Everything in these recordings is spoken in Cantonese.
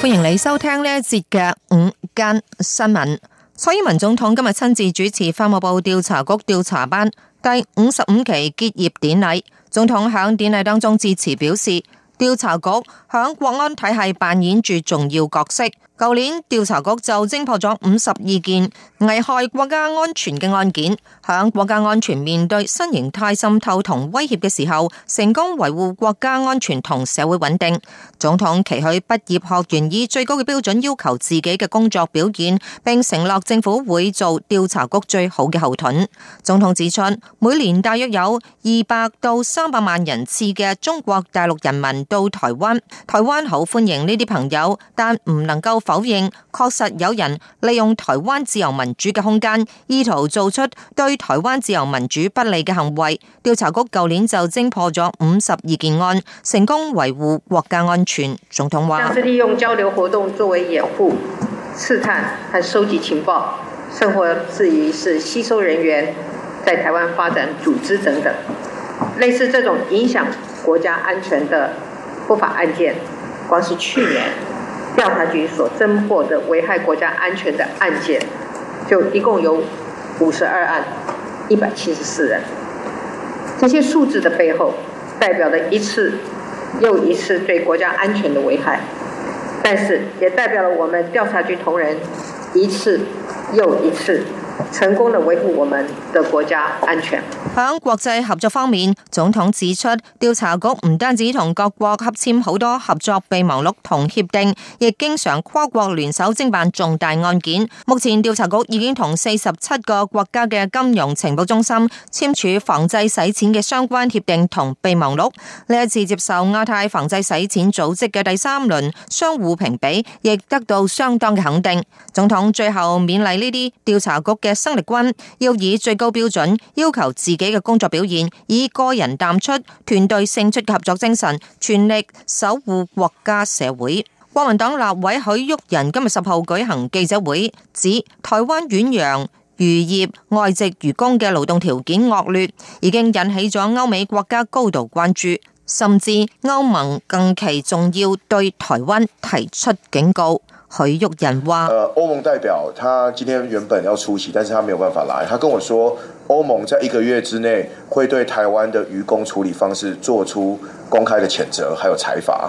歡迎你收聽呢一節嘅午間新聞。蔡英文總統今日親自主持法務部調查局調查班第五十五期結業典禮。總統喺典禮當中致辭表示，調查局響國安體系扮演住重要角色。舊年調查局就偵破咗五十二件危害國家安全嘅案件，響國家安全面對新型態滲透同威脅嘅時候，成功維護國家安全同社會穩定。總統期許畢業學員以最高嘅標準要求自己嘅工作表現，並承諾政府會做調查局最好嘅後盾。總統指出，每年大約有二百到三百萬人次嘅中國大陸人民到台灣，台灣好歡迎呢啲朋友，但唔能夠。否認確實有人利用台灣自由民主嘅空間，意圖做出對台灣自由民主不利嘅行為。調查局舊年就偵破咗五十二件案，成功維護國家安全。總統話：，像是利用交流活動作為掩護，刺探和收集情報，生活事宜是吸收人員在台灣發展組織等等。類似這種影響國家安全的不法案件，光是去年。調查局所偵破的危害國家安全的案件，就一共有五十二案，一百七十四人。這些數字的背後，代表了一次又一次對國家安全的危害，但是也代表了我們調查局同仁一次又一次。成功地維護我們的國家安全。響國際合作方面，總統指出，調查局唔單止同各國合簽好多合作備忘錄同協定，亦經常跨國聯手偵辦重大案件。目前，調查局已經同四十七個國家嘅金融情報中心簽署防制洗錢嘅相關協定同備忘錄。呢一次接受亞太防制洗錢組織嘅第三輪相互評比，亦得到相當嘅肯定。總統最後勉勵呢啲調查局嘅嘅生力軍，要以最高標準要求自己嘅工作表現，以個人淡出，團隊勝出嘅合作精神，全力守護國家社會。國民黨立委許旭仁今日十號舉行記者會，指台灣遠洋漁業外籍漁工嘅勞動條件惡劣，已經引起咗歐美國家高度關注，甚至歐盟近期仲要對台灣提出警告。許玉人話，呃，歐盟代表他今天原本要出席，但是他沒有辦法來。他跟我說，歐盟在一個月之內會對台灣的漁工處理方式做出公開的譴責，還有裁罰。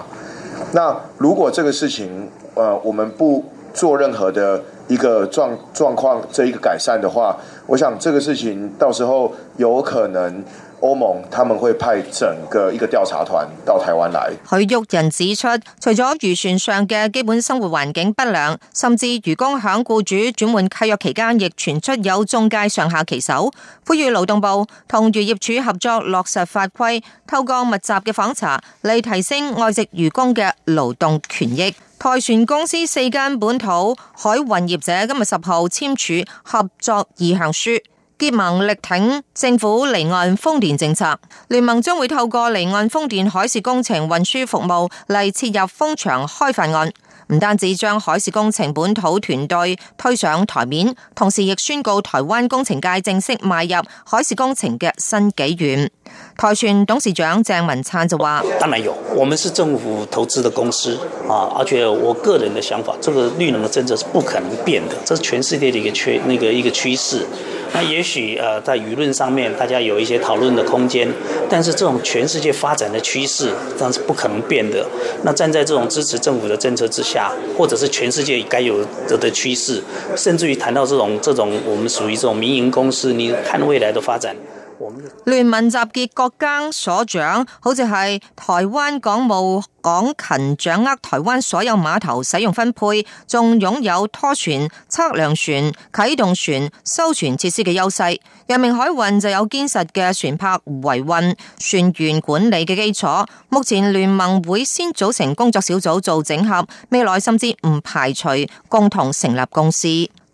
那如果這個事情，呃，我們不做任何的一個狀狀況，這一個改善的話，我想這個事情到時候有可能。歐盟他們會派整個一個調查團到台灣來。許玉人指出，除咗漁船上嘅基本生活環境不良，甚至漁工響僱主轉換契約期間，亦傳出有中介上下其手。呼籲勞動部同漁業署合作落實法規，透過密集嘅訪查，嚟提升外籍漁工嘅勞動權益。台船公司四間本土海運業者今日十號簽署合作意向書。結盟力挺政府離岸風電政策，聯盟將會透過離岸風電海事工程運輸服務嚟切入風場開發案，唔單止將海事工程本土團隊推上台面，同時亦宣告台灣工程界正式邁入海事工程嘅新紀元。台船董事長鄭文燦就話：當然有，我們是政府投資的公司啊，而且我個人的想法，這個綠能嘅政策是不可能變的，這是全世界的一個缺，那個一個趨勢。那也許呃，在輿論上面，大家有一些討論的空間，但是這種全世界發展的趨勢，當然是不可能變的。那站在這種支持政府的政策之下，或者是全世界該有的的趨勢，甚至於談到這種這種我們屬於這種民營公司，你看未來的發展。聯盟集結各家所長，好似係台灣港務港勤掌握台灣所有碼頭使用分配，仲擁有拖船、測量船、啟動船、收船修船設施嘅優勢。陽明海運就有堅實嘅船舶維運、船員管理嘅基礎。目前聯盟會先組成工作小組做整合，未來甚至唔排除共同成立公司。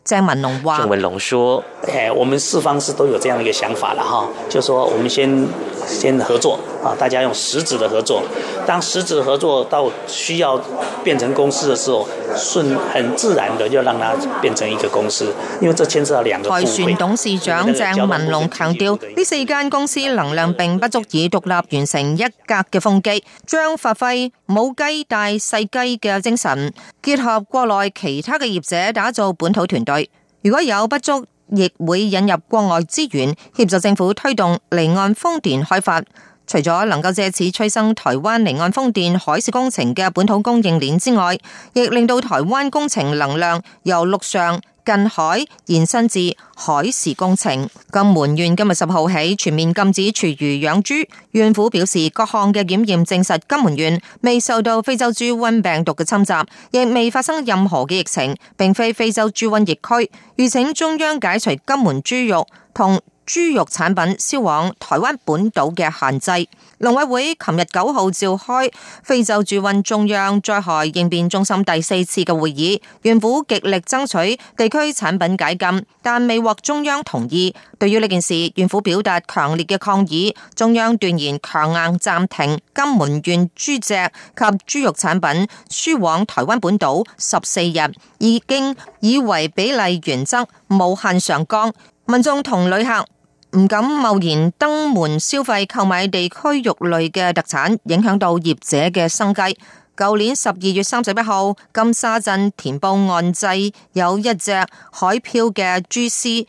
在文龍灣，說，哎，我們四方是都有這樣的一個想法了哈，就說我們先。先合作啊！大家用實質的合作，當實質合作到需要變成公司的時候，順很自然的就讓它變成一個公司，因為這牽涉到兩個。台船董事長鄭文龍強調，呢四間公司能量並不足以獨立完成一格嘅風機，將發揮母雞帶細雞嘅精神，結合國內其他嘅業者，打造本土團隊。如果有不足，亦會引入國外資源，協助政府推動離岸風電開發。除咗能夠借此催生台灣離岸風電海事工程嘅本土供應鏈之外，亦令到台灣工程能量由陸上近海延伸至海事工程。金門縣今日十號起全面禁止廚餘養豬，縣府表示各項嘅檢驗證實金門縣未受到非洲豬瘟病毒嘅侵襲，亦未發生任何嘅疫情，並非非洲豬瘟疫區，預請中央解除金門豬肉同豬肉產品銷往台灣本島嘅限制，農委會琴日九號召開非洲豬瘟中央災害應變中心第四次嘅會議，縣府極力爭取地區產品解禁，但未獲中央同意。對於呢件事，縣府表達強烈嘅抗議。中央斷言強硬暫停金門縣豬隻及豬肉產品輸往台灣本島十四日，已經以維比例原則無限上綱。民眾同旅客。唔敢貿然登門消費購買地區肉類嘅特產，影響到業者嘅生計。舊年十二月三十一號，金沙鎮田埔岸際有一隻海漂嘅豬屍。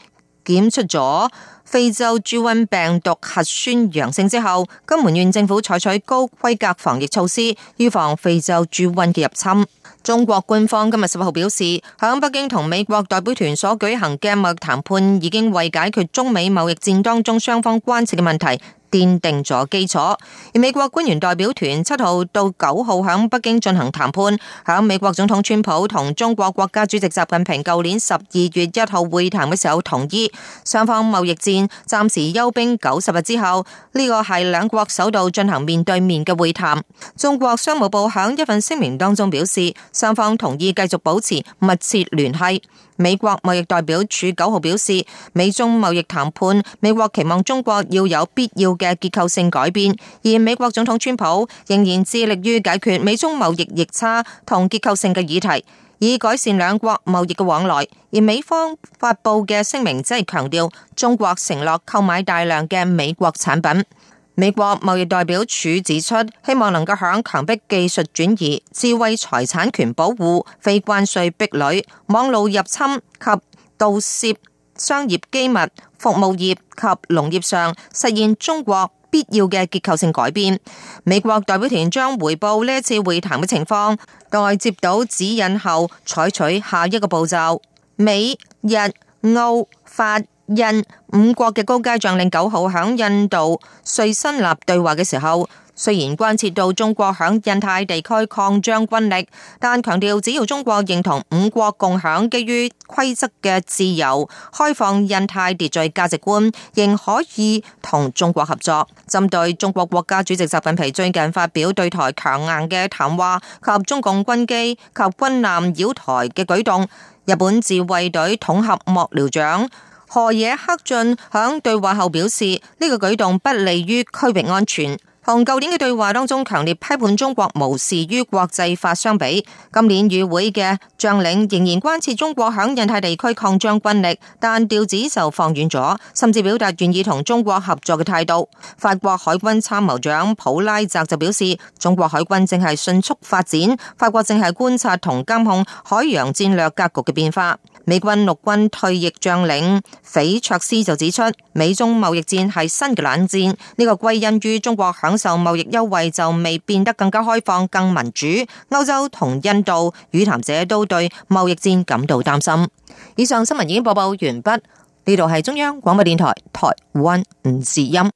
檢出咗非洲豬瘟病毒核酸陽性之後，金門縣政府採取高規格防疫措施，預防非洲豬瘟嘅入侵。中國官方今日十八號表示，響北京同美國代表團所舉行嘅貿易談判，已經為解決中美貿易戰當中雙方關切嘅問題。奠定咗基礎，而美國官員代表團七號到九號喺北京進行談判，喺美國總統川普同中國國家主席習近平舊年十二月一號會談嘅時候同意，雙方貿易戰暫時休兵九十日之後，呢個係兩國首度進行面對面嘅會談。中國商務部響一份聲明當中表示，雙方同意繼續保持密切聯繫。美國貿易代表處九號表示，美中貿易談判，美國期望中國要有必要嘅結構性改變，而美國總統川普仍然致力於解決美中貿易逆差同結構性嘅議題，以改善兩國貿易嘅往來。而美方發佈嘅聲明即係強調，中國承諾購買大量嘅美國產品。美國貿易代表處指出，希望能夠響強迫技術轉移、智慧財產權保護、非關稅壁壘、網路入侵及盜竊商業機密、服務業及農業上實現中國必要嘅結構性改變。美國代表團將回報呢一次會談嘅情況，待接到指引後採取下一個步驟。美日澳法。印五國嘅高階將領九號響印度瑞辛納對話嘅時候，雖然關切到中國響印太地區擴張軍力，但強調只要中國認同五國共享基於規則嘅自由開放印太秩序價值觀，仍可以同中國合作。針對中國國家主席習近平最近發表對台強硬嘅談話及中共軍機及軍艦繞台嘅舉動，日本自衛隊統合幕僚長。何野克俊響對話後表示，呢個舉動不利於區域安全。同舊年嘅對話當中強烈批判中國無視於國際法相比，今年與會嘅將領仍然關切中國響印太地區擴張軍力，但調子就放軟咗，甚至表達願意同中國合作嘅態度。法國海軍參謀長普拉澤就表示，中國海軍正係迅速發展，法國正係觀察同監控海洋戰略格局嘅變化。美軍陸軍退役將領斐卓斯，就指出，美中貿易戰係新嘅冷戰，呢、這個歸因於中國享受貿易優惠就未變得更加開放、更民主。歐洲同印度與談者都對貿易戰感到擔心。以上新聞已經播報完畢，呢度係中央廣播電台台灣吳志音。